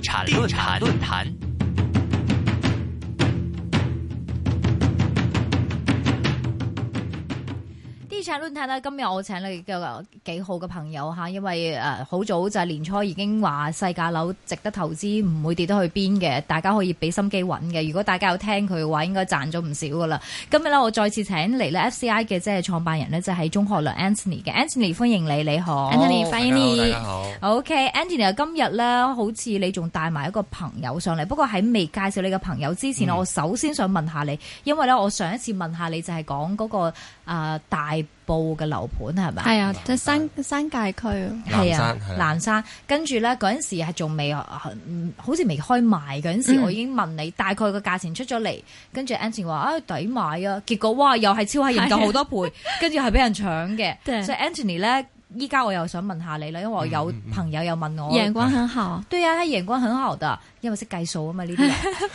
地產論壇。論壇論壇論壇咧，今日我請嚟個幾好嘅朋友吓，因為誒好早就係年初已經話世界樓值得投資，唔會跌得去邊嘅，大家可以俾心機揾嘅。如果大家有聽佢嘅話，應該賺咗唔少噶啦。今日咧，我再次請嚟咧 F C I 嘅即係創辦人呢就係鐘學良 Anthony 嘅 Anthony，歡迎你，你好、oh，Anthony，歡迎、okay, 你，好，OK，Anthony 今日咧好似你仲帶埋一個朋友上嚟，不過喺未介紹你嘅朋友之前、嗯，我首先想問下你，因為咧我上一次問下你就係講嗰個誒、呃、大。布嘅樓盤係咪？係啊，即、就、係、是、山山界區。係啊，南山、啊、南山跟住咧嗰陣時係仲未，好似未開賣嗰陣時、嗯，我已經問你大概個價錢出咗嚟。跟住 Anthony 話啊抵、哎、買啊，結果哇又係超喺研究好多倍，啊、跟住係俾人搶嘅。所以 Anthony 咧，依家我又想問下你啦，因為我有朋友又問我眼光很好，對啊，眼光很好嘅，因為識計數啊嘛呢啲。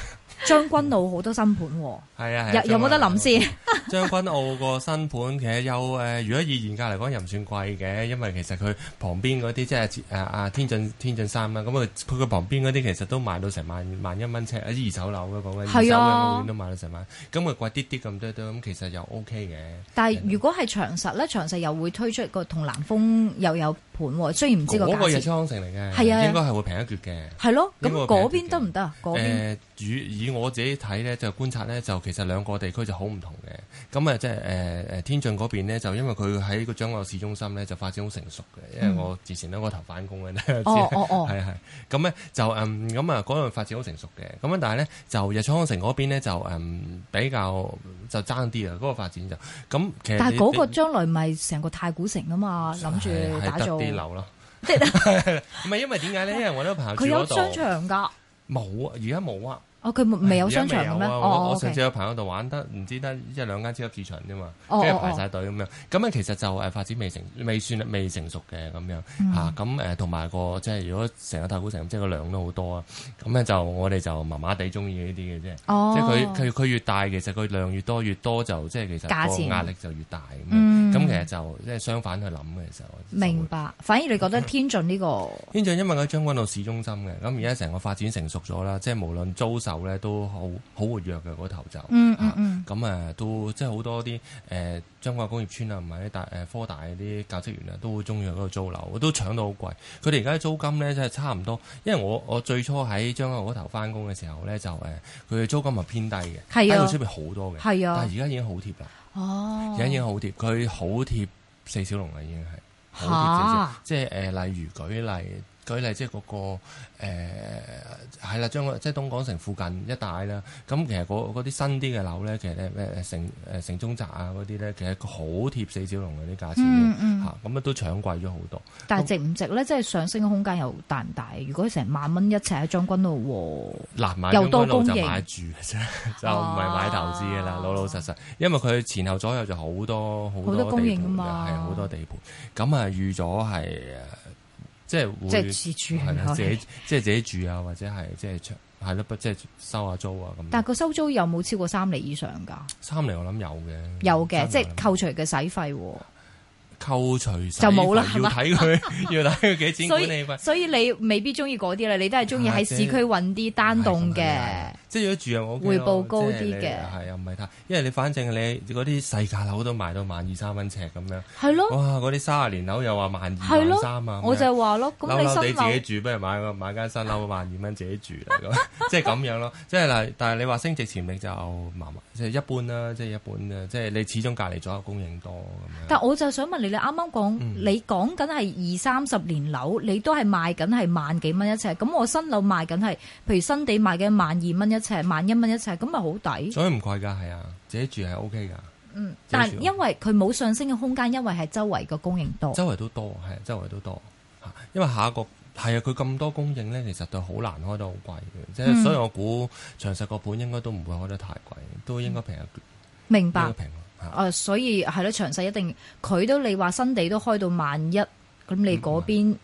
將軍澳好多新盤、嗯啊啊，有有冇得諗先？將軍澳個新盤其實有誒，如果以現價嚟講又唔算貴嘅，因為其實佢旁邊嗰啲即係誒、啊啊、天晉、天晉三啦，咁佢佢旁邊嗰啲其實都賣到成萬萬一蚊呎，一二手樓嘅，講緊二手嘅，都賣到成萬，咁咪貴啲啲咁多咁其實又 OK 嘅。但係如果係長實咧，長實又會推出個同南豐又有盤，雖然唔知個價錢。嗰、那個日昌城嚟嘅，係啊，應該係會平一橛嘅。係咯，咁嗰邊得唔得啊？誒，我自己睇咧，就觀察咧，就其實兩個地區就好唔同嘅。咁啊，即係誒誒，天津嗰邊咧，就因為佢喺個掌握市中心咧，就發展好成熟嘅。因為我之前咧，我頭返工嘅咧，知係係。咁咧就嗯，咁啊，嗰、哦、度、哦哦、發展好成熟嘅。咁啊，但係咧，就日昌城嗰邊咧，就嗯比較就爭啲啊，嗰個發展就咁。但係嗰個將來咪成個太古城啊嘛，諗住打造啲、就是、樓咯。即係唔係因為點解咧？因為我都排住嗰度，佢有商場㗎。冇啊，而家冇啊。哦，佢未有商場嘅咩？我、啊哦、我上次有朋友度玩得，唔、哦 okay、知得一兩間超級市場啫嘛，跟、哦、住排晒隊咁、哦、樣。咁啊，其實就係發展未成，未算未成熟嘅咁樣嚇。咁、嗯、誒，同、啊、埋個即係如果成個太古城即係個量都好多啊。咁咧就我哋就麻麻地中意呢啲嘅啫，即係佢佢佢越大，其實佢量越多越多就即係其實、價錢、個壓力就越大。咁、嗯、其實就即係相反去諗嘅時候，明白。反而你覺得天津呢個？天津因為喺將軍澳市中心嘅，咁而家成個發展成熟咗啦，即係無論租售咧都好好活躍嘅嗰頭就，嗯嗯咁啊嗯嗯都即係好多啲誒、呃、將軍澳工業村啊，唔係，大科大啲教職員啊，都好中意喺度租樓，都搶到好貴。佢哋而家租金咧真係差唔多，因為我我最初喺將軍澳嗰頭翻工嘅時候咧，就誒佢嘅租金係偏低嘅，出面好多嘅，係啊，但係而家已經好貼啦。哦，而家已經好貼，佢好貼四小龍啦，已經係，好貼、huh？即係誒、呃，例如舉例。舉例，即係嗰個誒係啦，將即係東港城附近一帶啦。咁其實嗰嗰啲新啲嘅樓咧，其實咧誒城城中宅啊嗰啲咧，其實好貼四小龍嗰啲價錢咁啊、嗯嗯、都搶貴咗好多。但係值唔值咧？即係上升嘅空間又大唔大？如果成萬蚊一尺喺將軍澳喎，嗱，買將軍澳就買住嘅啫，就唔係買投資嘅啦、啊。老老實實，啊、因為佢前後左右就好多好多。好多供應啊嘛，係好多地盤。咁啊預咗係。即係自住係啦，自己即係自己住啊，或者係即係長咯，不即係收下租啊咁。但係個收租有冇超過三厘以上㗎？三厘我諗有嘅，有嘅即係扣除嘅使費。扣除曬就冇啦，要睇佢， 要睇佢幾錢管理費。所以所以你未必中意嗰啲啦，你都係中意喺市區揾啲單棟嘅。即係如果住又 OK，回報高啲嘅。係啊，唔係太，OK、因為你反正你嗰啲細價樓都賣到萬二三蚊尺咁樣。係咯。哇，嗰啲三十年樓又話萬二三啊！我就係話咯，咁你新樓自己住，不如買個買間新樓萬二蚊自己住嚟咁， 即係咁樣咯。即係嗱，但係你話升值潛力就麻麻，即係、即係一，即係、一般啦，即係一般啊，即係你始終隔離左右供應多咁樣。但我就想問你。你啱啱講，你講緊係二三十年樓，你都係賣緊係萬幾蚊一尺，咁我新樓賣緊係，譬如新地賣嘅萬二蚊一尺，萬一蚊一尺，咁咪好抵。所以唔貴噶，係啊，自己住係 O K 噶。嗯，但係因為佢冇上升嘅空間，因為係周圍嘅供應多。周圍都多，係啊，周圍都多。因為下一個係啊，佢咁多供應咧，其實就好難開得好貴嘅，即、嗯、係所以我估長實個盤應該都唔會開得太貴，都應該平一啲、嗯、明白。啊、呃，所以係咯，詳細一定，佢都你話新地都開到萬一，咁你嗰邊，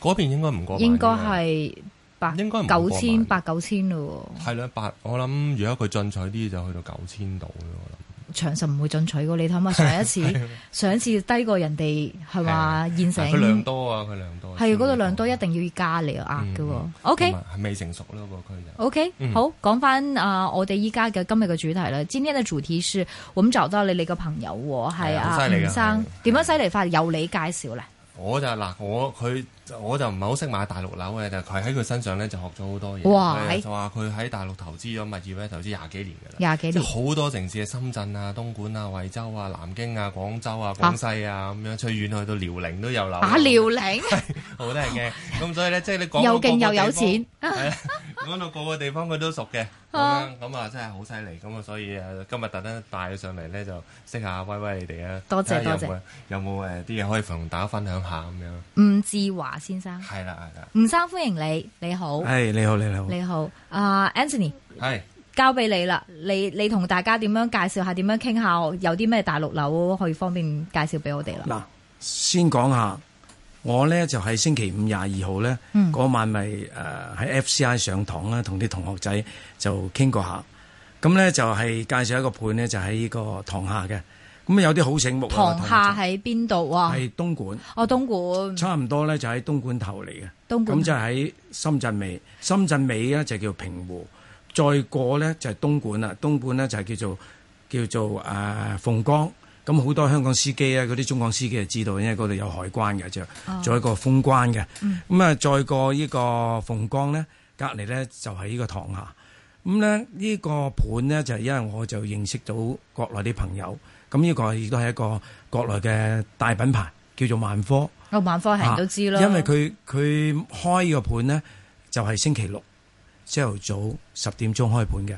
嗰、嗯、邊應該唔過萬，應該係八，應該九千八九千咯。係咯，八，我諗如果佢進取啲，就去到九千度咯。我諗。長實唔會進取噶，你睇下上一次 上一次低過人哋係嘛，現成佢量多啊，佢量多係嗰度量多，一定要要加嚟壓噶。O K 係未成熟咯個區就 O K 好講翻啊！我哋依家嘅今日嘅主題啦，今天嘅主題是，我咁就到你，你個朋友係啊，吳生點、啊、樣犀利法？由、啊、你介紹咧，我就嗱我佢。我就唔係好識買大陸樓嘅，但佢喺佢身上咧就學咗好多嘢。哇！就話佢喺大陸投資咗物業咧，投資廿幾年嘅啦。廿幾年，好多城市嘅深圳啊、東莞啊、惠州啊、南京啊、廣州啊、廣西啊咁樣，最遠去到遼寧都有樓。啊遼寧，好得人驚。咁、啊、所以咧，即係你講到又勁又有錢。講到個個地方佢都熟嘅，咁啊咁樣真係好犀利。咁啊所以今日特登帶佢上嚟咧，就識下威威你哋啊。多謝看看有有多謝。有冇誒啲嘢可以同大家分享下咁樣？吳志華。先生係啦係啦，吳生歡迎你，你好，係、hey, 你好你好你好、uh，Anthony 係、hey. 交俾你啦，你你同大家點樣介紹下，點樣傾下，有啲咩大陸樓可以方便介紹俾我哋啦？嗱，先講下，我呢就喺、是、星期五廿二號呢，嗰、嗯那個、晚咪誒喺 FCI 上堂啦，同啲同學仔就傾過下，咁呢就係介紹一個盤呢，就喺、是、呢個塘、就是、廈嘅。咁有啲好醒目。塘廈喺邊度啊？係東莞。哦，東莞。差唔多咧，就喺東莞頭嚟嘅。東莞。咁就喺深圳尾。深圳尾咧就叫平湖，再過咧就係東莞啦。東莞咧就係叫做叫做誒、呃、鳳崗。咁好多香港司機啊，嗰啲中港司機就知道，因為嗰度有海關嘅，就做一個封關嘅。咁、哦、啊，嗯、再過呢個鳳崗咧，隔離咧就喺呢個塘廈。咁咧呢個盤咧就係因為我就認識到國內啲朋友。咁呢個亦都係一個國內嘅大品牌，叫做萬科。哦，萬科係人都知咯，因為佢佢開個盤呢，就係星期六朝頭早十點鐘開盤嘅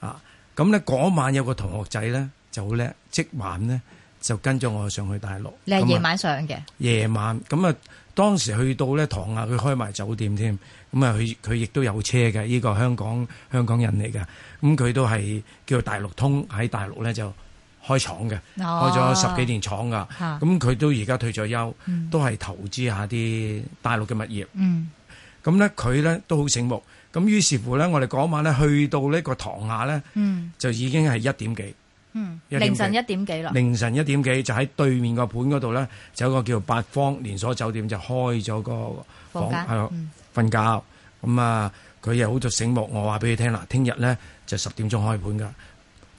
啊。咁呢嗰晚有個同學仔呢，就好叻，即晚呢，就跟咗我上去大陸。你係夜晚上嘅？夜晚咁啊，當時去到呢唐啊，佢開埋酒店添。咁啊，佢佢亦都有車嘅。呢個香港香港人嚟嘅。咁佢都係叫做大陸通喺大陸呢就。開廠嘅、哦，開咗十幾年廠噶，咁、啊、佢都而家退咗休，嗯、都係投資下啲大陸嘅物業。咁、嗯、咧，佢咧都好醒目。咁於是乎咧，我哋嗰晚咧去到呢個塘廈咧、嗯，就已經係一點幾、嗯，凌晨一點幾咯。凌晨一點幾就喺對面個盤嗰度咧，就有個叫八方連鎖酒店就開咗個房係瞓、嗯、覺。咁啊，佢又好就醒目。我話俾你聽啦，聽日咧就十點鐘開盤噶，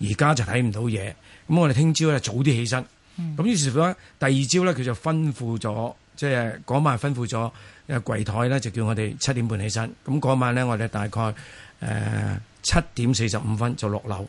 而家就睇唔到嘢。咁我哋聽朝咧早啲起身，咁、嗯、於是乎咧，第二朝咧佢就吩咐咗，即係嗰晚吩咐咗，誒櫃台咧就叫我哋七點半起身。咁嗰晚咧，我哋大概誒、呃、七點四十五分就落樓，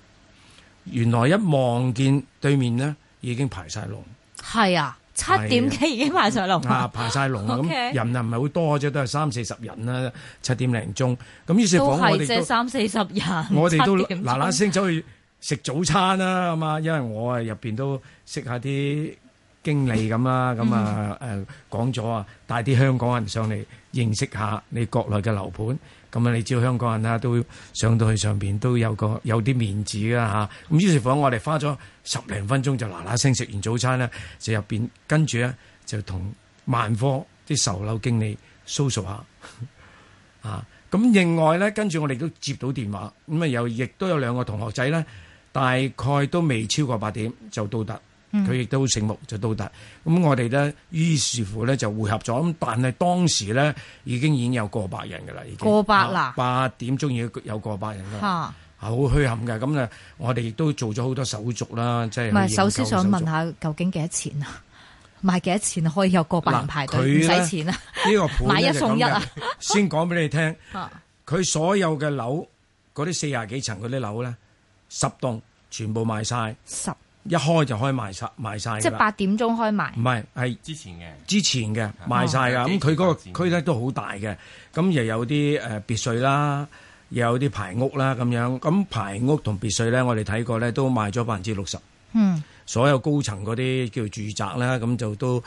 原來一望見對面呢已經排晒龍。係啊，七點幾已經排晒龍啊，排晒龍。咁人啊唔係好多啫，都係三四十人啦，七點零鐘。咁於是乎我哋都係即係三四十人。我哋都嗱嗱聲走去食早餐啦，咁因為我啊入面都識下啲經理咁啦，咁啊誒講咗啊，帶啲香港人上嚟認識下你國內嘅樓盤，咁啊你知香港人啦，都上到去上面都有個有啲面子㗎吓，咁於是乎我哋花咗十零分鐘就嗱嗱聲食完早餐啦就入面跟住咧就同萬科啲售樓經理 social 下啊，咁另外咧，跟住我哋都接到電話，咁啊又亦都有兩個同學仔咧，大概都未超過八點就到達，佢亦都醒目就到達。咁、嗯、我哋呢，於是乎呢就匯合咗。咁但係當時呢，已經已經有過百人㗎啦，已經過百啦，八、啊、點鐘已有過百人啦，好、啊、虛憾嘅。咁呢，我哋亦都做咗好多手續啦，即係唔係？首先想問下究竟幾多錢啊？賣幾多錢可以有過百人排隊唔使錢啊？這個、呢個普買一送一啊！就是、先講俾你聽，佢所有嘅樓嗰啲四廿幾層嗰啲樓咧。十棟全部賣晒，十一開就開賣晒，賣晒。即係八點鐘開賣。唔係係之前嘅，之前嘅賣晒噶。咁佢嗰個區咧都好大嘅，咁又有啲誒別墅啦，又有啲排屋啦，咁樣。咁排屋同別墅咧，我哋睇過咧都賣咗百分之六十。嗯，所有高層嗰啲叫住宅啦，咁就都誒、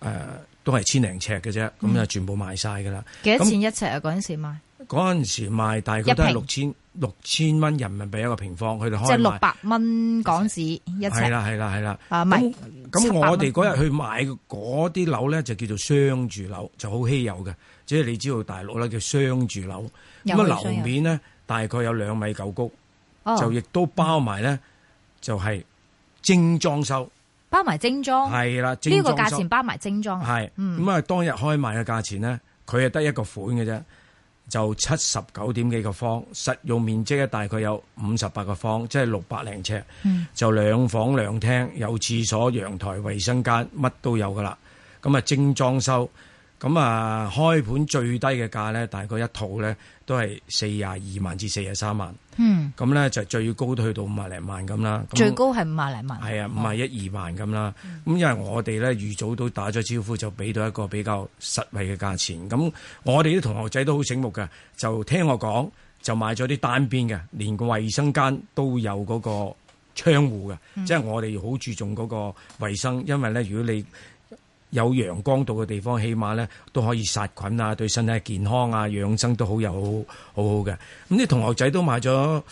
呃、都係千零尺嘅啫，咁就全部賣晒噶啦。幾、嗯、多錢一尺啊？嗰陣時賣？嗰陣時賣，大概都係六千。六千蚊人民幣一個平方，佢哋開賣，即係六百蚊港紙一尺。係啦，係啦，係啦。啊，咁我哋嗰日去買嗰啲樓咧，就叫做商住樓，就好稀有嘅。即係你知道大陸咧叫商住樓。咁樓樓面呢大概有兩米九高，哦，就亦都包埋呢，就係、是、精裝修，包埋精裝係啦。呢、這個價錢包埋精裝係。咁啊、嗯、當日開賣嘅價錢呢，佢係得一個款嘅啫。就七十九點幾個方，實用面積咧大概有五十八個方，即係六百零尺、嗯，就兩房兩廳，有廁所、陽台、衛生間，乜都有噶啦，咁啊精裝修。咁啊，開盤最低嘅價呢，大概一套呢都係四十二萬至四十三萬。嗯。咁呢就最高都去到五十零萬咁啦。最高係五十零萬。係啊，五十一二萬咁啦。咁因為我哋呢預早都打咗招呼，就俾到一個比較實惠嘅價錢。咁我哋啲同學仔都好醒目㗎，就聽我講就買咗啲單邊嘅，連個衛生間都有嗰個窗戶嘅，即、嗯、係、就是、我哋好注重嗰個衞生，因為呢，如果你有陽光度嘅地方，起碼咧都可以殺菌啊，對身體健康啊、養生都好有好有好好好嘅。咁啲同學仔都買咗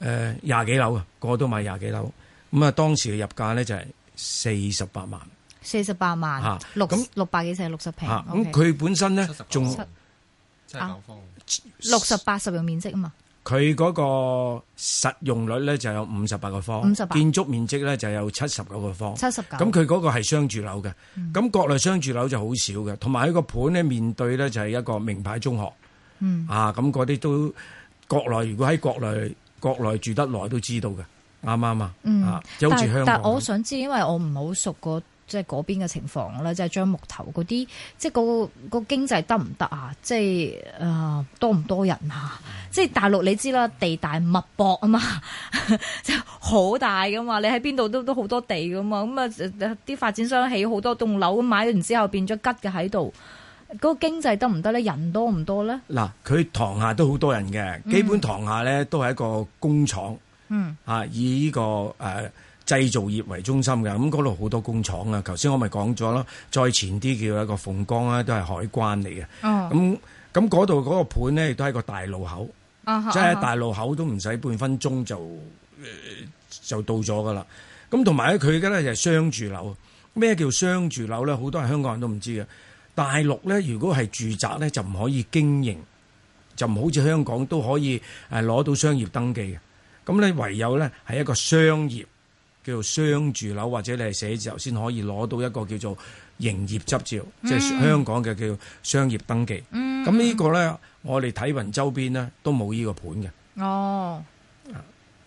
誒廿幾樓嘅，個個都買廿幾樓。咁、嗯、啊，當時嘅入價咧就係四十八萬，四十八萬，啊、六六百幾尺，六十平。咁、啊、佢、okay、本身咧仲六十八十用、啊、面積啊嘛。佢嗰個實用率咧就有五十八個方，五十八？建築面積咧就有七十九個方。七十九。咁佢嗰個係商住樓嘅，咁、嗯、國內商住樓就好少嘅。同埋喺個盤咧面對咧就係一個名牌中學，嗯、啊咁嗰啲都國內如果喺國內國內住得耐都知道嘅，啱啱啊？嗯。啊、有住香港但但我想知，因為我唔好熟個。即係嗰邊嘅情況咧，即係將木頭嗰啲，即係、個、個經濟得唔得啊？即係啊、呃，多唔多人啊？即係大陸你知啦，地大物博啊嘛，就好大㗎嘛，你喺邊度都都好多地㗎嘛，咁啊啲發展商起好多棟樓咁買完之後變咗吉嘅喺度，嗰、個經濟得唔得咧？人多唔多咧？嗱，佢塘廈都好多人嘅、嗯，基本塘廈咧都係一個工廠，嗯，嚇、啊、以呢、呢個誒。呃製造業為中心嘅，咁嗰度好多工廠啊！頭先我咪講咗咯，再前啲叫一個鳳崗啊，都係海關嚟嘅。哦、uh -huh.，咁咁嗰度嗰個盤咧，亦都喺個大路口，即係喺大路口都唔使半分鐘就就到咗㗎啦。咁同埋咧，佢而家咧就係、是、商住樓。咩叫商住樓咧？好多香港人都唔知嘅。大陸咧，如果係住宅咧，就唔可以經營，就唔好似香港都可以誒攞到商業登記嘅。咁咧，唯有咧係一個商業。叫商住樓，或者你係寫字樓先可以攞到一個叫做營業執照，即、嗯、係、就是、香港嘅叫商業登記。咁、嗯、呢個咧，我哋睇匀周邊呢都冇呢個盤嘅。哦，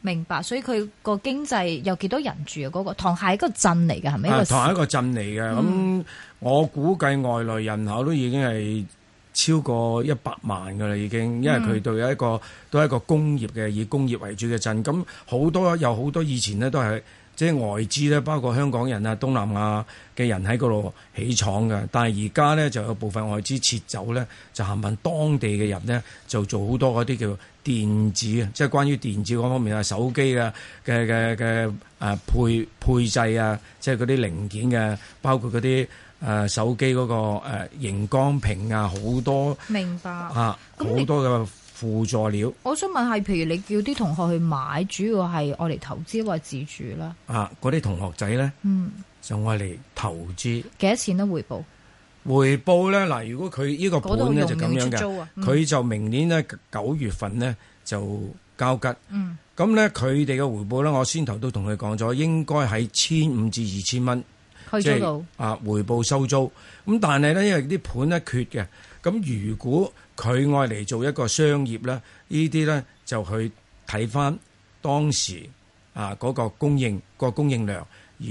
明白。所以佢個經濟有幾多少人住啊？嗰、那個塘廈一個鎮嚟嘅，係咪啊？塘廈一個鎮嚟嘅。咁、啊嗯、我估計外來人口都已經係超過一百萬噶啦，已經，因為佢對一個都係一個工業嘅，以工業為主嘅鎮。咁好多有好多以前呢都係。即係外資咧，包括香港人啊、東南亞嘅人喺嗰度起廠嘅，但係而家咧就有部分外資撤走咧，就吸引當地嘅人呢，就做好多嗰啲叫電子啊，即係關於電子嗰方面啊，那些啊、手機啊嘅嘅嘅誒配配製啊，即係嗰啲零件嘅，包括嗰啲誒手機嗰個誒熒光屏啊，好多明白啊，好多嘅。輔助料，我想問係譬如你叫啲同學去買，主要係愛嚟投資或者自住啦。啊，嗰啲同學仔咧，嗯，就愛嚟投資，幾多錢咧、啊、回報？回報咧嗱，如果佢呢個盤咧就咁樣嘅，佢、嗯、就明年呢，九月份呢，就交吉。嗯，咁咧佢哋嘅回報咧，我先頭都同佢講咗，應該喺千五至二千蚊，即係啊回報收租。咁但係咧，因為啲盤咧缺嘅，咁如果佢愛嚟做一個商業咧，呢啲咧就去睇翻當時啊嗰個供應、個供應量，而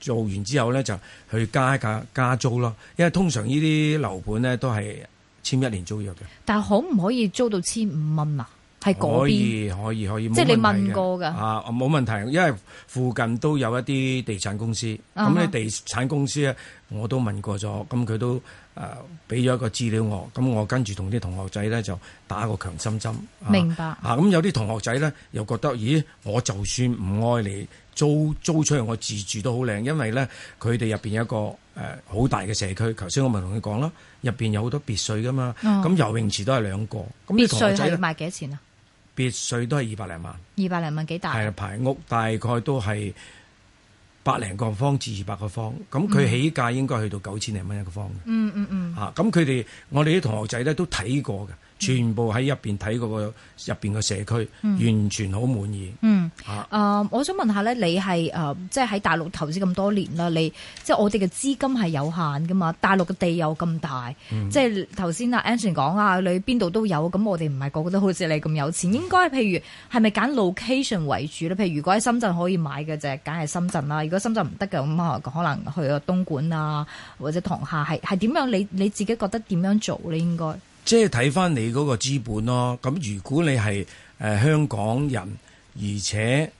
做完之後咧就去加價加租咯。因為通常呢啲樓盤咧都係簽一年租約嘅。但係可唔可以租到千五蚊啊？係嗰邊可以可以可以。可以可以可以，即係你問過㗎？啊，冇問題，因為附近都有一啲地產公司。咁你地產公司呢，我都問過咗，咁佢都。誒俾咗一個資料我，咁我跟住同啲同學仔呢就打個強心針。明白咁、啊、有啲同學仔呢又覺得，咦，我就算唔愛嚟租租出去，我自住都好靚，因為呢，佢哋入面有一個誒好、呃、大嘅社區。頭、嗯、先我咪同你講啦，入面有好多別墅㗎嘛，咁、嗯、游泳池都係兩個。呢別墅係賣幾多錢啊？別墅都係二百零萬。二百零萬幾大？係、啊、排屋，大概都係。百零個方至二百個方，咁佢起價應該去到九千零蚊一個方嘅。嗯嗯嗯。吓，咁佢哋我哋啲同學仔咧都睇過嘅。全部喺入面睇個個入面嘅社區，嗯、完全好滿意。嗯，嗯啊、呃，我想問下咧，你係即係喺大陸投資咁多年啦，你即係、就是、我哋嘅資金係有限噶嘛？大陸嘅地有咁大，即係頭先阿 Anson 講啊，你邊度都有，咁我哋唔係個個都好似你咁有錢，應該譬如係咪揀 location 為主咧？譬如如果喺深圳可以買嘅啫，揀係深圳啦。如果深圳唔得嘅，咁、嗯、可能去個東莞啊，或者塘廈，係係點樣你你自己覺得點樣做咧？應該。即係睇翻你嗰個資本咯，咁如果你係誒香港人，而且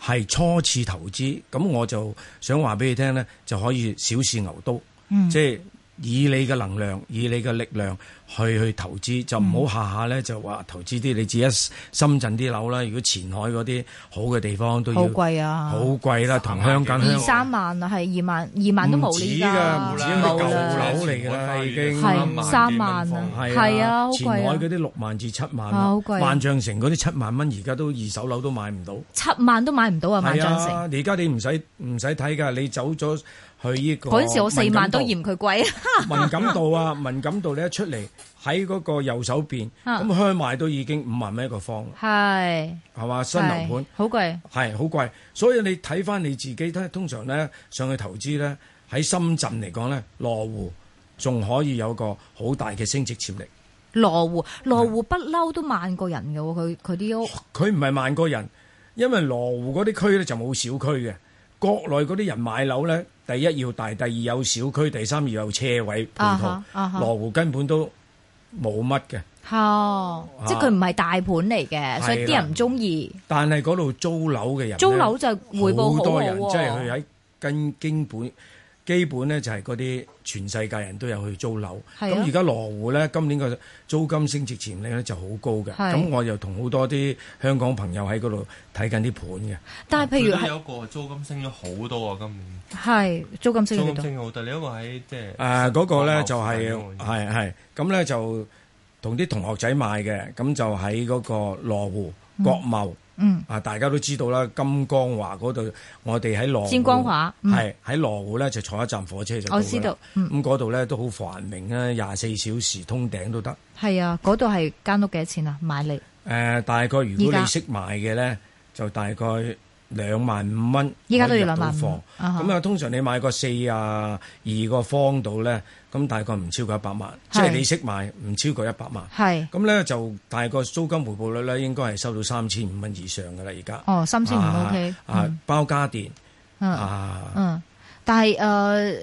係初次投資，咁我就想話俾你聽呢，就可以小試牛刀，嗯、即係以你嘅能量，以你嘅力量。去去投資就唔好下下咧就話投資啲你自己深圳啲樓啦，如果前海嗰啲好嘅地方都要好貴啊，好貴啦，同香港二三萬啊，係二萬二萬都冇而家冇止嘅，冇止嘅舊樓嚟嘅已經三萬,萬啊，係啊好貴啊！前海嗰啲六萬至七萬啦、啊啊啊，萬象城嗰啲七萬蚊而家都二手樓都買唔到，七、啊啊、萬,萬,萬都買唔到啊！萬象城，而家、啊、你唔使唔使睇㗎，你走咗去呢個嗰陣時我四萬都嫌佢貴啊！敏感度啊，敏感度你、啊、一、啊啊、出嚟。喺嗰個右手邊，咁開賣都已經五萬蚊一個方啦。係係嘛，新樓盤，好貴係好貴。所以你睇翻你自己，睇通常咧上去投資咧，喺深圳嚟講咧，羅湖仲可以有一個好大嘅升值潛力。羅湖，羅湖不嬲都萬個人嘅喎，佢佢啲屋。佢唔係萬個人，因為羅湖嗰啲區咧就冇小區嘅。國內嗰啲人買樓咧，第一要大，第二有小區，第三要有車位配套、啊啊。羅湖根本都冇乜嘅，嚇，即係佢唔係大盤嚟嘅，所以啲人唔中意。但係嗰度租樓嘅人，租樓就回報好多人。即係佢喺跟經本。基本咧就係嗰啲全世界人都有去租樓，咁而家羅湖咧今年個租金升值潛力咧就好高嘅，咁我又同好多啲香港朋友喺嗰度睇緊啲盤嘅。但係譬如呢，嗯、有個租金升咗好多啊，今年係租金升咗好多。你一個喺即係誒嗰個咧就係係係，咁咧就同啲同學仔買嘅，咁就喺嗰個羅湖、嗯、國貿。嗯，啊，大家都知道啦，金光華嗰度，我哋喺羅湖，金光華係喺羅湖咧，就坐一站火車就到啦。我知道，咁嗰度咧都好繁榮啊，廿四小時通頂都得。係啊，嗰度係間屋幾多錢啊？買嚟？誒、呃，大概如果你識買嘅咧，就大概。兩萬五蚊，依家都要兩萬方。咁啊，通常你買個四啊二個方度咧，咁大概唔超過一百萬，是即係你識買唔超過一百萬。係咁咧，就大概租金回報率咧，應該係收到三千五蚊以上嘅啦。而家哦，三千五 OK 啊，嗯、包家電嗯啊嗯，嗯，但係誒，uh,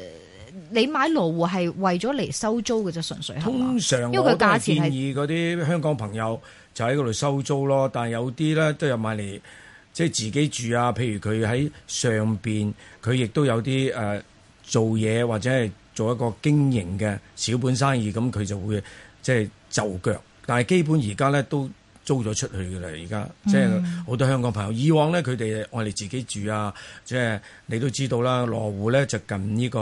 你買羅湖係為咗嚟收租嘅啫，純粹係嘛？通常因為個價錢建議嗰啲香港朋友就喺嗰度收租咯，但係有啲咧都有買嚟。即係自己住啊，譬如佢喺上邊，佢亦都有啲誒做嘢或者係做一個經營嘅小本生意，咁佢就會即係就腳。但係基本而家咧都租咗出去㗎啦，而家即係好多香港朋友。以往咧佢哋愛嚟自己住啊，即係你都知道啦，羅湖咧就近呢個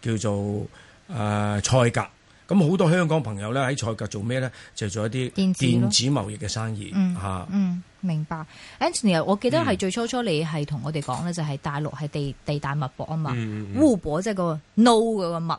叫做誒賽格。咁好多香港朋友咧喺賽格做咩咧？就係、做一啲電子貿易嘅生意。嗯，嗯，明白。Anthony，我記得係最初初你係同我哋講咧，就係大陸係地地大物博啊嘛。烏博即係個 no 嘅個物。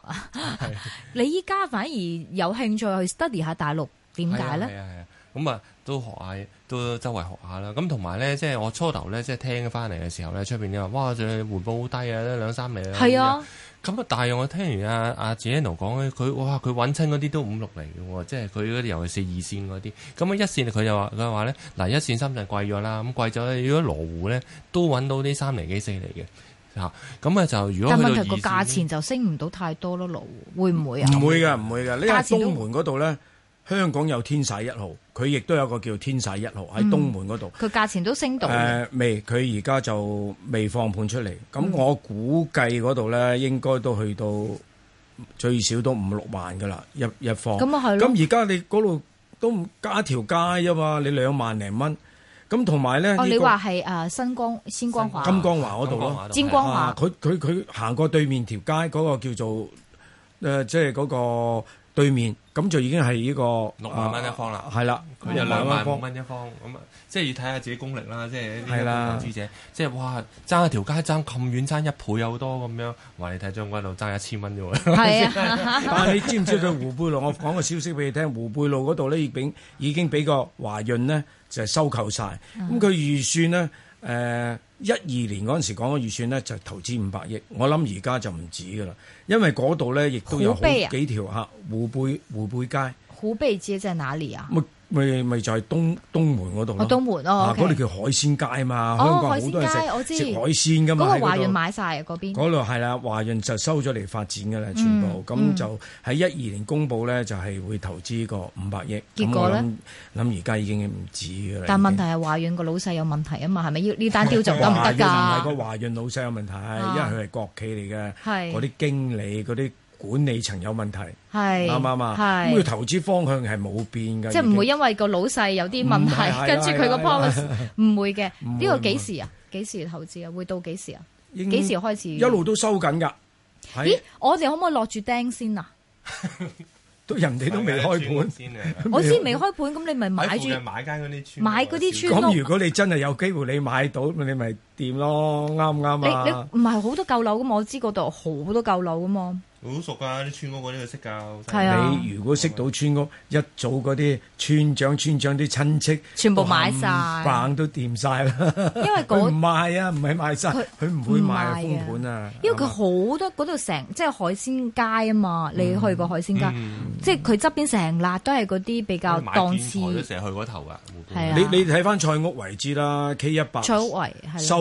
你依家反而有興趣去 study 下大陸點解咧？係啊係啊，咁啊，啊都學下，都周圍學下啦。咁同埋咧，即係我初頭咧，即係聽翻嚟嘅時候咧，出面你話，哇！就回報好低啊，兩三釐啊。係啊。咁啊，大約我聽完阿阿謝欣瑯講咧，佢哇佢搵親嗰啲都五六零嘅喎，即係佢嗰啲，尤其是四二線嗰啲。咁啊，一線佢又話佢話咧，嗱一線深圳貴咗啦，咁貴咗。如果羅湖咧，都搵到啲三零幾四零嘅嚇。咁啊就如果，但問題個價錢就升唔到太多咯，羅湖會唔會啊？唔會㗎，唔會㗎。呢喺東門嗰度咧。香港有天璽一號，佢亦都有個叫天璽一號喺東門嗰度，佢、嗯、價錢都升到。誒、呃、未，佢而家就未放盤出嚟。咁、嗯、我估計嗰度咧，應該都去到最少都五六萬噶啦，一一方。咁啊係。咁而家你嗰度都唔加條街啫嘛？你兩萬零蚊。咁同埋咧，哦，這個、你話係誒新光、新光華、金光華嗰度咯？天光華，佢佢佢行過對面條街嗰、那個叫做誒，即係嗰個對面。咁就已經係呢、這個六萬蚊一方啦，係、啊、啦，有兩萬五蚊一方咁啊，即係要睇下自己功力啦，即係啲投資者，即係哇，爭一條街爭咁遠，爭一倍有多咁樣，話你睇將軍路爭一千蚊啫喎，啊、 但係你知唔知喺湖貝路？ 我講個消息俾你聽，湖貝路嗰度咧已經已經俾個華潤呢，就係收購晒。咁、嗯、佢預算呢。誒、呃。一二年嗰陣時講嘅預算呢，就投資五百億。我諗而家就唔止噶啦，因為嗰度呢亦都有好幾條。湖北啊、湖北，湖北街。湖北街在哪裏啊？咪咪就係東東門嗰度咯，嗰度叫海鮮街嘛，香港好多食食海鮮㗎嘛。嗰個華潤買晒嗰邊，嗰度係啦，華潤就收咗嚟發展㗎啦，全部咁就喺一二年公佈咧，就係會投資個五百億。結果咧？諗而家已經唔止㗎啦。但問題係華潤個老細有問題啊嘛，係咪要呢單調就唔得㗎？唔係個華潤老細有問題，因為佢係國企嚟嘅，嗰啲經理嗰啲。管理層有問題，啱唔啱啊？佢投資方向係冇變噶，即係唔會因為個老細有啲問題是跟住佢 個 policy 唔會嘅。呢個幾時啊？幾時投資啊？會到幾時啊？幾時開始？一路都收緊噶。咦？我哋可唔可以落住釘先啊？ 人家都人哋都未開盤 先、啊、 我知未開盤，咁你咪買住買間嗰啲村，買嗰啲村屋。咁如果你真係有機會，你買到你咪掂咯，啱唔啱啊？你你唔係好多舊樓噶嘛？我知嗰度好多舊樓噶嘛？好熟噶啲村屋嗰啲，佢識教、啊嗯，你如果識到村屋，嗯、一早嗰啲村長、村長啲親戚，全部買晒，棒都掂晒啦。因為嗰唔 賣啊，唔係賣晒，佢唔會賣啊，封盤啊。因為佢好多嗰度成即係海鮮街啊嘛、嗯，你去過海鮮街，嗯、即係佢側邊成辣都係嗰啲比較檔次。買都成日去嗰頭 啊，你你睇翻菜屋位置啦，K 一百，收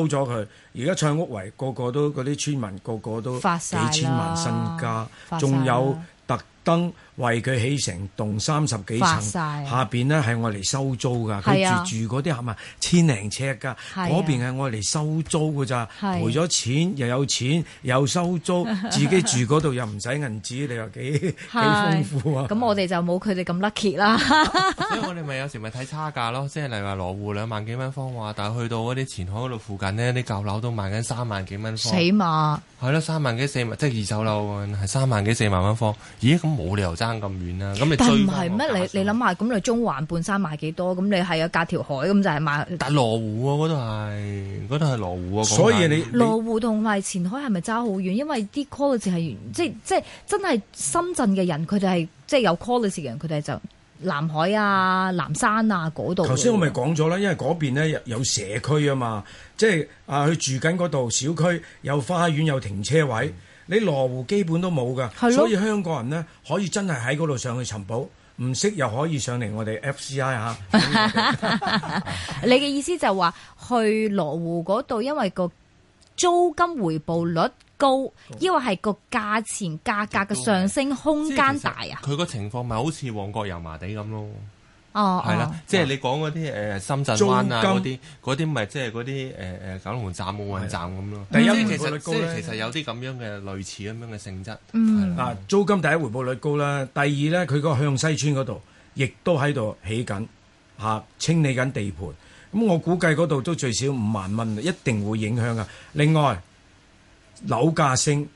咗佢。而家蔡屋圍，個個都嗰啲村民，個個都幾千萬身家，仲有特。燈為佢起成棟三十幾層，下邊呢係我嚟收租㗎。佢、啊、住住嗰啲嚇嘛，千零尺㗎。嗰邊係我嚟收租㗎咋，賠咗、啊、錢又有錢，又收租， 自己住嗰度又唔使銀紙，你話幾幾豐富啊？咁我哋就冇佢哋咁 lucky 啦。 所以我哋咪有時咪睇差價咯，即係例如話羅湖兩萬幾蚊方話，但係去到嗰啲前海嗰度附近呢，啲舊樓都賣緊三萬幾蚊方。起碼，係咯，三萬幾四萬，即係二手樓喎，係三萬幾四萬蚊方。咦？冇理由爭咁遠啦，咁你唔係咩？你你諗下，咁你中環半山賣幾多？咁你係啊，隔條海咁就係賣。但羅湖嗰度係，嗰度係羅湖啊。所以你羅湖同埋前海係咪爭好遠？因為啲 caller 係即即真係深圳嘅人，佢哋係即有 caller 嘅人，佢哋就南海啊、南山啊嗰度。頭先我咪講咗啦，因為嗰邊咧有社區啊嘛，即係啊佢住緊嗰度，小區有花園有停車位。嗯。你羅湖基本都冇㗎，所以香港人呢可以真係喺嗰度上去尋寶，唔識又可以上嚟我哋 F C I 嚇 。你嘅意思就話去羅湖嗰度，因為個租金回報率高，因為係個價錢價格嘅上升空間大啊。佢個情況咪好似旺角油麻地咁咯。哦，係啦、哦，即係你講嗰啲誒深圳灣啊嗰啲，嗰啲咪即係嗰啲誒誒九龍站、奧運站咁咯。第一回報率高，其、嗯、實，即其實有啲咁樣嘅類似咁樣嘅性質。嗯、啊，租金第一回報率高啦，第二咧，佢個向西村嗰度亦都喺度起緊吓，清理緊地盤。咁我估計嗰度都最少五萬蚊，一定會影響噶。另外，樓價升，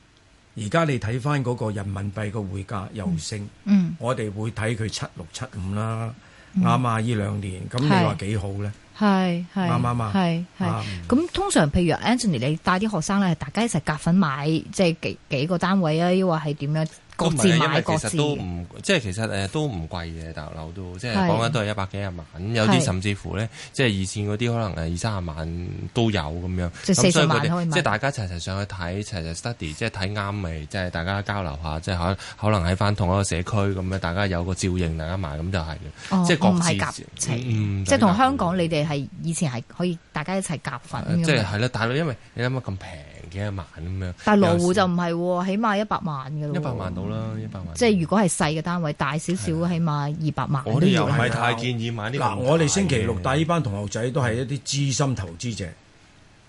而家你睇翻嗰個人民幣個匯價又升，嗯，我哋會睇佢七六七五啦。啱、嗯、啊！呢兩年咁、啊，你話幾好咧？係係啱啱啊！係係咁，啊、通常譬如 Anthony，你帶啲學生咧，大家一齊夾份買，即係幾幾個單位啊？抑或係點樣？都唔因為其實都唔各自買各自，即係其實誒都唔貴嘅，大樓都即係講緊都係一百幾廿萬，有啲甚至乎咧，即係以前嗰啲可能誒二三十萬都有咁樣。即係四十萬可以買。即係大家齊齊上去睇，齊齊 study，即係睇啱咪即係大家交流下，即係可可能喺翻同一個社區咁樣，大家有個照應大家買咁就係即係各自，唔係夾嗯，即係同香港你哋係以前係可以大家一齊夾份即係係啦，大佬，因為你諗下咁平幾廿萬咁樣。但係羅湖就唔係喎，起碼一百萬嘅一百萬好啦，一百萬，即係如果係細嘅單位，大少少，起碼二百萬都要。我都唔係太建議買呢。嗱，我哋星期六帶呢班同學仔都係一啲資深投資者。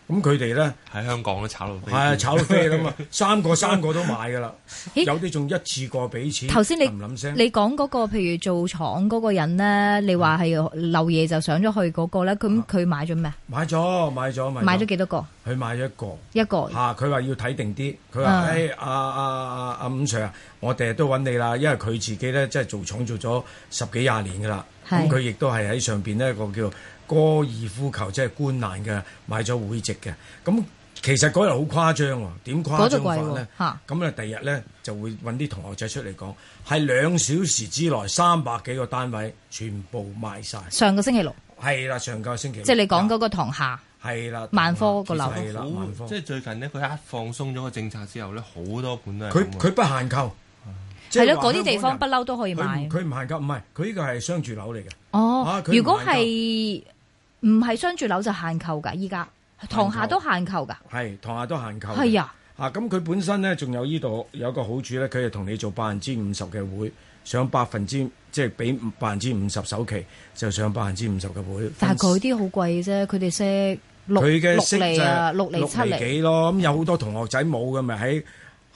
咁佢哋咧喺香港都炒到飛，係啊炒到飛咁啊！ 三個三個都買噶啦，有啲仲一次過俾錢。頭先你唔諗聲，你講嗰、嗰個譬如做廠嗰個人咧，你話係漏嘢就上咗去嗰個咧，咁、啊、佢買咗咩？買咗買咗買。買咗幾多個？佢買咗一個。一個。啊佢話要睇定啲。佢話、啊：哎，阿五 s i 五 Sir，啊啊、Sir, 我哋日都揾你啦，因為佢自己咧，即係做廠做咗十幾廿年噶啦。咁佢亦都係喺上邊呢一個叫。高爾夫球即係觀瀾嘅買咗會籍嘅，咁其實嗰日好誇張喎，點誇張法咧？嚇！咁咧，第二日咧就會揾啲同學仔出嚟講，係兩小時之內三百幾個單位全部賣晒。上個星期六係啦，上個星期六即係你講嗰個塘廈？係啦，萬科個樓好。即係最近呢，佢一放鬆咗個政策之後咧，好多盤都係佢佢不限購，係、嗯、咯？嗰啲地方不嬲都可以買。佢唔限購，唔係佢呢個係商住樓嚟嘅。哦，如果係唔係商住樓就限購㗎，依家塘下都限購㗎。係塘下都限購。係啊。啊，咁佢本身呢，仲有依度有個好處咧，佢係同你做百分之五十嘅會，上百分之即係俾百分之五十首期就上百分之五十嘅會。但係佢啲好貴啫，佢哋息六，佢嘅六釐啊，六厘七釐幾咯。咁有好多同學仔冇㗎咪喺。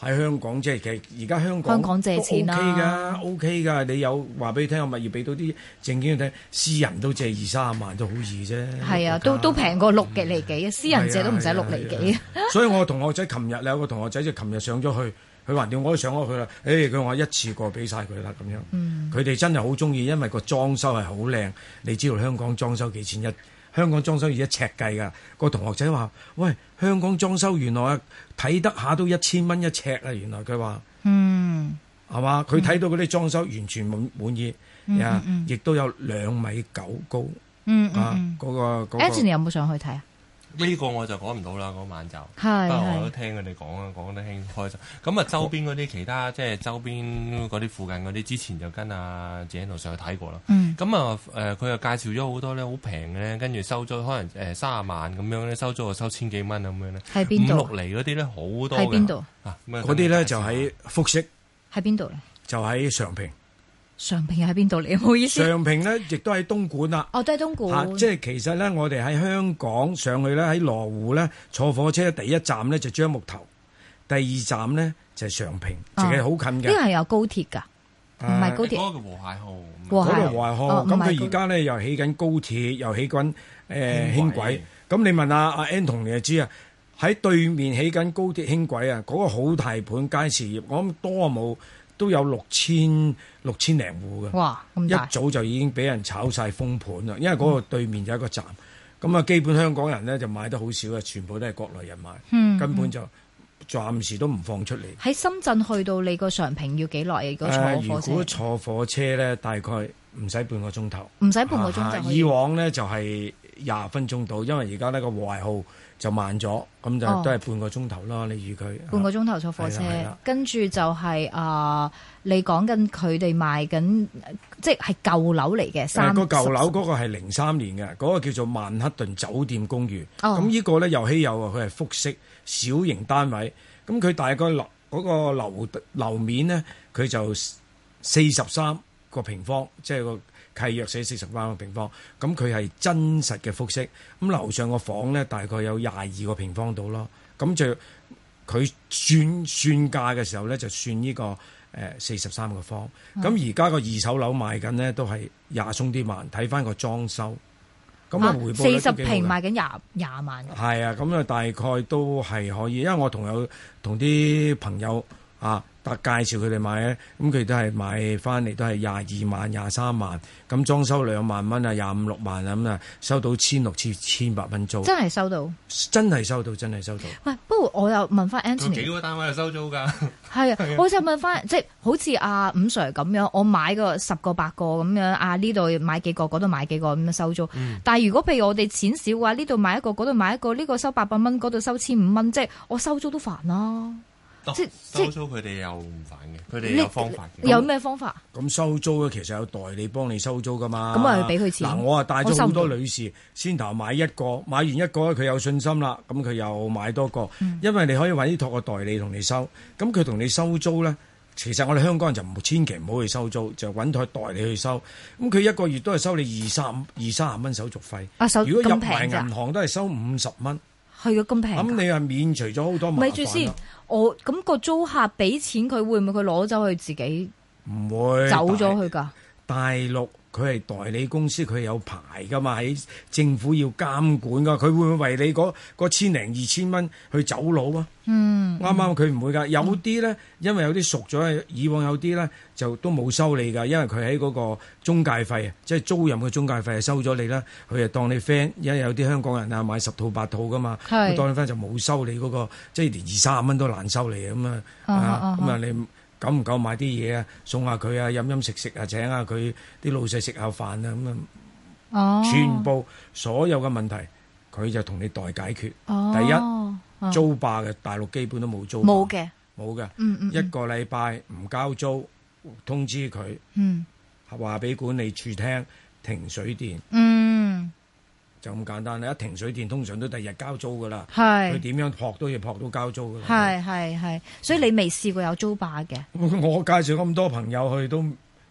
喺香港即係其實而家香港，香港借錢啦 OK 㗎，OK 㗎。你有話俾佢聽，我物業俾到啲證件佢睇，私人借2，都借二三十萬都好易啫。係啊，個都都平過六釐幾、嗯，私人借都唔使六釐幾。啊啊啊啊啊、 所以我同學仔琴日你有個同學仔就琴日上咗去，佢話：掂、哎，我都上咗去啦。誒，佢話一次過俾晒佢啦，咁樣。佢、嗯、哋真係好中意，因為個裝修係好靚。你知道香港裝修幾錢一？香港裝修而一尺計噶，嗰個同學仔話，喂，香港裝修原來啊睇得下，都元一千蚊一尺啊！原來佢話嗯，係嘛？佢睇到嗰啲裝修完全滿滿意啊，亦、嗯嗯嗯、都有兩米九高、嗯嗯，啊，嗰、嗯嗯嗰個、嗰、嗰個。n 有冇上去睇啊？呢、這個我就講唔到啦，嗰、那個、晚就，不過我都聽佢哋講啊，講得興開心。咁啊，周邊嗰啲其他即係周邊嗰啲附近嗰啲，之前就跟阿謝頭上去睇過啦。咁、嗯、啊，佢又、呃、介紹咗好多咧，好平咧，跟住收咗可能三十、呃、萬咁樣咧，收咗就收千幾蚊咁樣咧，五六釐嗰啲咧好多嘅。喺邊度？嗰啲咧就喺復式。喺邊度咧？就喺常平。常平又喺邊度嚟？唔好意思。常平呢亦都喺東莞啦。哦，都喺東莞。啊、即係其實呢，我哋喺香港上去咧，喺羅湖呢，坐火車第一站呢就樟、是、木頭，第二站呢就是、常平，淨係好近嘅。啲係有高鐵噶，唔、啊、係高鐵。嗰個和諧號。個和諧號，咁佢而家呢又起緊高鐵，又起緊誒輕軌。咁、呃、你問阿阿 Anton 你就知啊，喺對面起緊高鐵輕軌啊，嗰、那個好大盤佳兆業，我諗多冇。都有六千六千零戶嘅，一早就已經俾人炒晒封盤啦。因為嗰個對面有一個站，咁、嗯、啊，基本上香港人呢就買得好少嘅，全部都係國內人買、嗯，根本就暫時都唔放出嚟。喺、嗯嗯、深圳去到你個常平要幾耐、呃？如果坐火車咧、呃，大概唔使半個鐘頭，唔使半個鐘就、啊。以往呢就係廿分鐘到，因為而家呢個外號。就慢咗，咁就都係半個鐘頭啦。你預佢、哦啊、半個鐘頭坐火車，跟住就係、是、啊、呃，你講緊佢哋賣緊，即係舊樓嚟嘅。個舊樓嗰個係零三年嘅，嗰、嗰個叫做曼克頓酒店公寓。咁、哦、呢個咧又稀有啊，佢係複式小型單位。咁佢大概樓嗰、嗰個樓樓面呢，佢就四十三個平方，即係、個契約寫四十三個平方，咁佢係真實嘅複式。咁樓上個房呢，大概有廿二個平方到咯。咁就佢算算價嘅時候呢，就算呢個誒四十三個方。咁而家個二手樓賣緊呢，都係廿鬆啲萬。睇返個裝修，咁啊，回報四十平賣緊廿廿萬。係啊，咁啊大概都係可以，因為我同有同啲朋友啊。特介紹佢哋買咧，咁佢都係買翻嚟，都係廿二萬、廿三萬，咁裝修兩萬蚊啊，廿五六萬啊，咁啊，收到千六千八蚊租，真係收到，真係收到，真係收到。喂，不如我又問翻 Antony 幾個單位收租㗎？係啊，我想問翻， 即係好似阿伍 Sir 咁樣，我買個十個八個咁樣，啊呢度買幾個，嗰度買幾個咁樣收租。嗯、但係如果譬如我哋錢少嘅話，呢度買一個，嗰度買一個，呢、呢個收八百蚊，嗰度收千五蚊，即、就、係、是、我收租都煩啦。即、哦、收租佢哋又唔煩嘅，佢哋有方法嘅。有咩方法？咁收租咧，其實有代理幫你收租噶嘛。咁啊，俾佢錢嗱，我啊帶咗好多女士，先頭買一個，買完一個佢有信心啦，咁佢又買多個、嗯，因為你可以揾啲託個代理同你收。咁佢同你收租咧，其實我哋香港人就唔千祈唔好去收租，就搵台代理去收。咁佢一個月都係收你二三二三十蚊手續費。啊、手如果入埋銀行都係收五十蚊。係啊，咁平。咁你係免除咗好多麻煩。唔係咪住先，我咁個租客俾錢佢，會唔會佢攞走佢自己？唔會走咗去㗎。大陸。佢係代理公司，佢係有牌噶嘛，喺政府要監管噶。佢會唔會為你嗰千零二千蚊去走佬啊？嗯，啱啱佢唔會噶。有啲咧，因為有啲熟咗，以往有啲咧就都冇收你噶，因為佢喺嗰個中介費啊，即係租賃嘅中介費係收咗你啦。佢就當你 friend，因為有啲香港人啊買十套八套噶嘛，當你 friend 就冇收你嗰個，即係連二三十蚊都難收你咁啊啊咁啊你。啊啊啊啊夠唔夠買啲嘢啊？送下佢啊！飲飲食食啊！請下佢啲老細食下飯啊！咁樣、oh. 全部所有嘅問題佢就同你代解決。Oh. 第一租霸嘅大陸基本都冇租霸，冇嘅，冇嘅。嗯嗯，一個禮拜唔交租，通知佢，嗯，話俾管理處聽停水電，嗯。就咁簡單啦！一停水電，通常都第二日交租噶啦。係。佢點樣撲都要撲到交租。係係係。所以你未試過有租霸嘅？我介紹咁多朋友去，都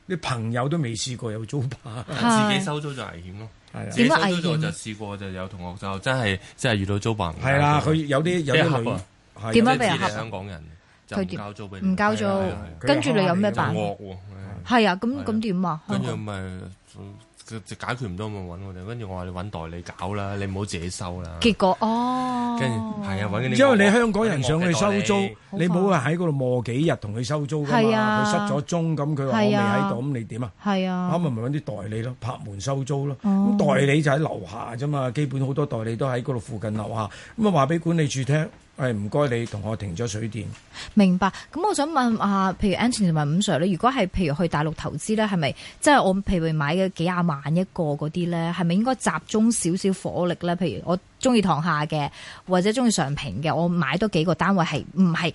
啲朋友都未試過有租霸。自己收租就危險咯。係啊。自己收租就、啊、收租就試過，就有同學就、啊、真係真係遇到租霸。係啦、啊，佢有啲有啲黑、啊，點、啊、樣被、啊、係、就係、香港人就交租。佢點？唔交租。唔交租，跟住你有咩辦？係啊，咁咁點啊？咁、啊啊啊啊啊啊、樣咪、啊？就就解決唔到咪揾我哋，跟住我話你揾代理搞啦，你唔好自己收啦。結果哦，跟住係啊，揾你，因為你香港人上去收租，你冇話喺嗰度磨幾日同佢收租噶嘛，佢失咗蹤咁，佢話我未喺度，咁你點啊？係啊，啱咪咪揾啲代理咯，拍門收租咯。咁代理就喺樓下啫嘛，基本好多代理都喺嗰度附近樓下，咁啊話俾管理處聽。係唔該，你同我停咗水電。明白，咁我想問啊，譬如 Anthony 同埋五 Sir 咧，如果係譬如去大陸投資咧，係咪即係我譬如買嘅幾廿萬一個嗰啲咧，係咪應該集中少少火力咧？譬如我中意塘廈嘅，或者中意常平嘅，我買多幾個單位係唔係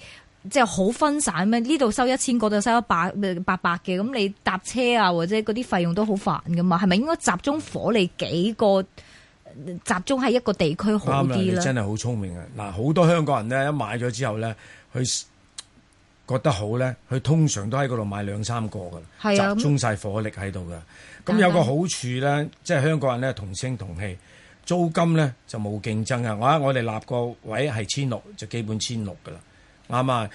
即係好分散咩？呢度收一千，嗰度收一百八百嘅，咁你搭車啊或者嗰啲費用都好煩噶嘛？係咪應該集中火力幾個？集中喺一個地區好啲啦。啱啦，你真係好聰明啊！嗱，好多香港人咧，一買咗之後咧，佢覺得好咧，佢通常都喺嗰度買兩三個噶啦，係啊，集中晒火力喺度噶。咁有個好處咧，即係香港人咧同聲同氣，租金咧就冇競爭啊！我我哋立個位係千六，就基本千六噶啦，啱嘛？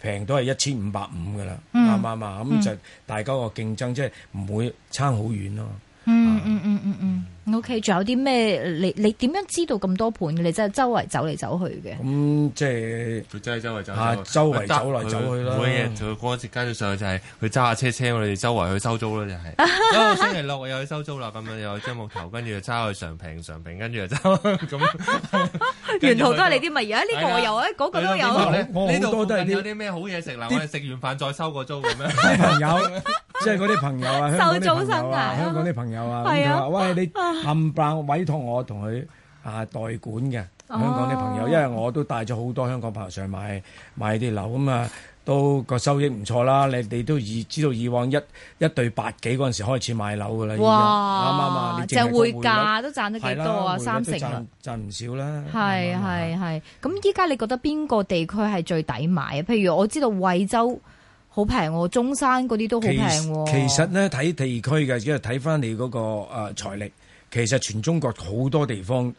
平都係一千五百五噶啦，啱唔啱啊？咁就大家個競爭即係唔會差好遠咯。嗯嗯嗯嗯嗯。O K，仲有啲咩？你你點樣知道咁多盤嘅？你真係周圍走嚟走去嘅。咁即係佢真係周圍走，啊，周圍走嚟走去，每日佢嗰陣時跟住上去就係佢揸下車車，我哋周圍去收租咯，就係。星期六又去收租啦，咁樣又去樟木頭，跟住又揸去常平，常平，跟住又揸。沿途都係你啲物嘢，呢個有，嗰個都有。呢度附近有啲咩好嘢食？嗱，我哋食完飯再收個租，咁樣。朋友，即係嗰啲朋友啊，收租生涯啊，香港啲朋友啊，喂，你。冚唪唥委託我同佢，啊，代管嘅香港啲朋友。因為我都帶咗好多香港朋友上去買買啲樓，咁，啊，都個收益唔錯啦。你哋都以知道以往一一對八幾嗰陣時開始買樓噶啦，啱唔啱啊？就匯價都賺咗幾多啊？三成啦，賺唔少啦。係，係，係。咁依家你覺得邊個地區係最抵買啊？譬如我知道惠州好平喎，中山嗰啲都好平。其實咧睇地區嘅，即係睇翻你嗰個財力。其實全中國好多地方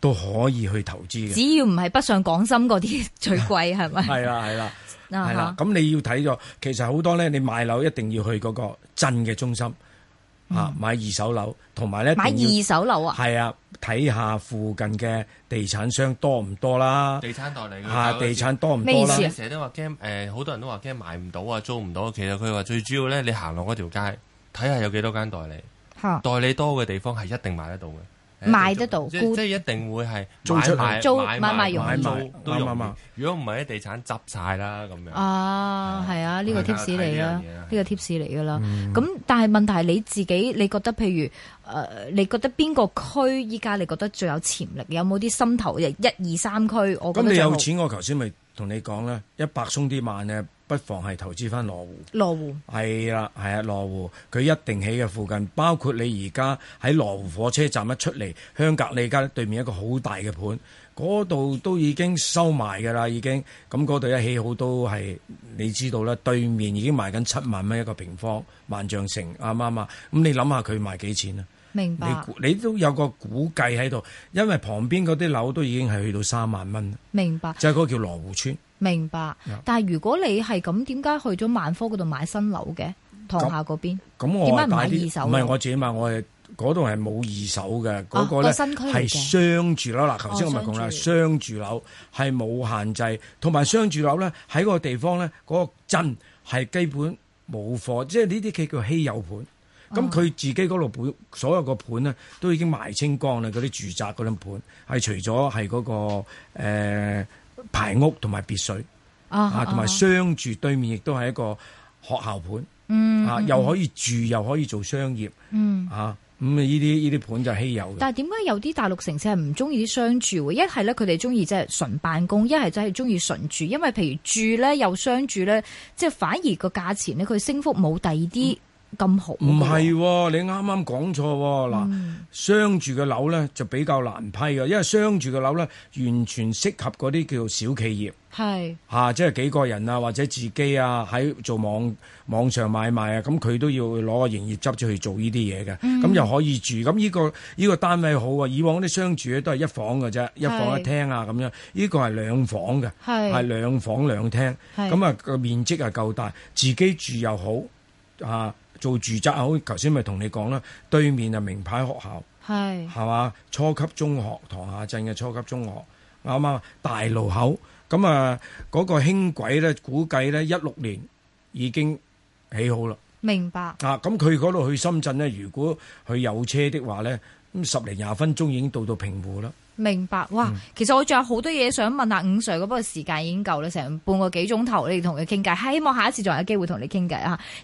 都可以去投資嘅，只要唔係北上廣深嗰啲最貴係咪？係啦係啦，嗱咁 是的 是的 你要睇咗，其實好多咧，你買樓一定要去嗰個鎮嘅中心，啊、嗯、買二手樓同埋咧買二手樓啊，係啊，睇下附近嘅地產商多唔多啦，地產代理吓、啊、地產多唔多啦？咩意思、啊？成日都話驚誒，好、呃、多人都話驚買唔到啊，租唔到。其實佢話最主要咧，你行落嗰條街睇下有幾多間代理。代理多嘅地方係一定買得到嘅，買得到。即係一定會係租出嚟租、買賣用，都容易。如果唔係喺地產執晒啦咁樣。啊，係啊，呢、這個 tips 嚟啦，呢個 tips 嚟噶啦。咁、啊啊嗯嗯、但係問題係你自己，你覺得譬如，誒，你覺得邊個區依家你覺得最有潛力？有冇啲心頭嘅一二三區？我咁你有錢，我剛才沒跟你，我頭先咪同你講啦，一百鬆啲萬嘅。不妨係投資翻羅湖，羅湖係啊，係啊，羅湖，佢一定喺嘅附近。包括你而家喺羅湖火車站一出嚟，香格里家對面一個好大嘅盤，嗰度都已經收埋㗎啦，已經。咁嗰度一起好都係，你知道啦。對面已經賣緊七萬蚊一個平方，萬象城啱唔啱啊？咁、嗯嗯嗯嗯、你諗下佢賣幾錢啊？明白。你你都有個估計喺度，因為旁邊嗰啲樓都已經係去到三萬蚊。明白。就係、是、嗰個叫羅湖村。明白，但係如果你係咁，點解去咗萬科嗰度買新樓嘅塘廈嗰邊？咁我點解唔買二手？唔係我自己買，我係嗰度係冇二手嘅嗰、啊那個呢，係商住樓嗱。頭先我咪講啦，商、哦、住，住樓係冇限制，同埋商住樓咧喺個地方咧，嗰、那個鎮係基本冇貨，即係呢啲叫稀有盤。咁、啊、佢自己嗰度盤，所有個盤呢，都已經賣清光啦。嗰啲住宅嗰種盤係除咗係嗰個、呃排屋同埋別墅啊，同埋商住、啊、對面亦都係一個學校盤，嗯、啊又可以住、嗯、又可以做商業，嗯、啊咁啊呢啲呢啲盤就稀有嘅。但係點解有啲大陸城市係唔中意啲商住？一係咧佢哋中意即係純辦公，一係就係中意純住，因為譬如住咧又商住咧，即係反而個價錢咧佢升幅冇第二啲。嗯唔係、這個啊，你啱啱講錯嗱，商住嘅樓咧就比較難批嘅，因為商住嘅樓咧完全適合嗰啲叫做小企業，啊、即係幾個人啊，或者自己啊，喺做網網上買賣啊，咁佢都要攞個營業執住去做呢啲嘢嘅，咁、嗯、又可以住。咁呢、這個呢、這個單位好啊，以往啲商住咧都係一房嘅啫，一房一廳啊咁樣，呢個係兩房嘅，係兩房兩廳，咁啊個面積啊夠大，自己住又好啊。做住宅啊，好似頭先咪同你講啦，對面啊名牌學校，係係嘛，初級中學塘廈鎮嘅初級中學，啱唔啱？大路口咁啊，嗰個輕軌咧，估計咧一六年已經起好啦。明白啊，咁佢嗰度去深圳咧，如果佢有車的話咧，咁十零廿分鐘已經到到平湖啦。明白，哇！其實我仲有好多嘢想問啊，伍 Sir 嗰個時間已經夠啦，成半個幾鐘頭，你哋同佢傾偈，希望下一次仲有機會同你傾偈啊。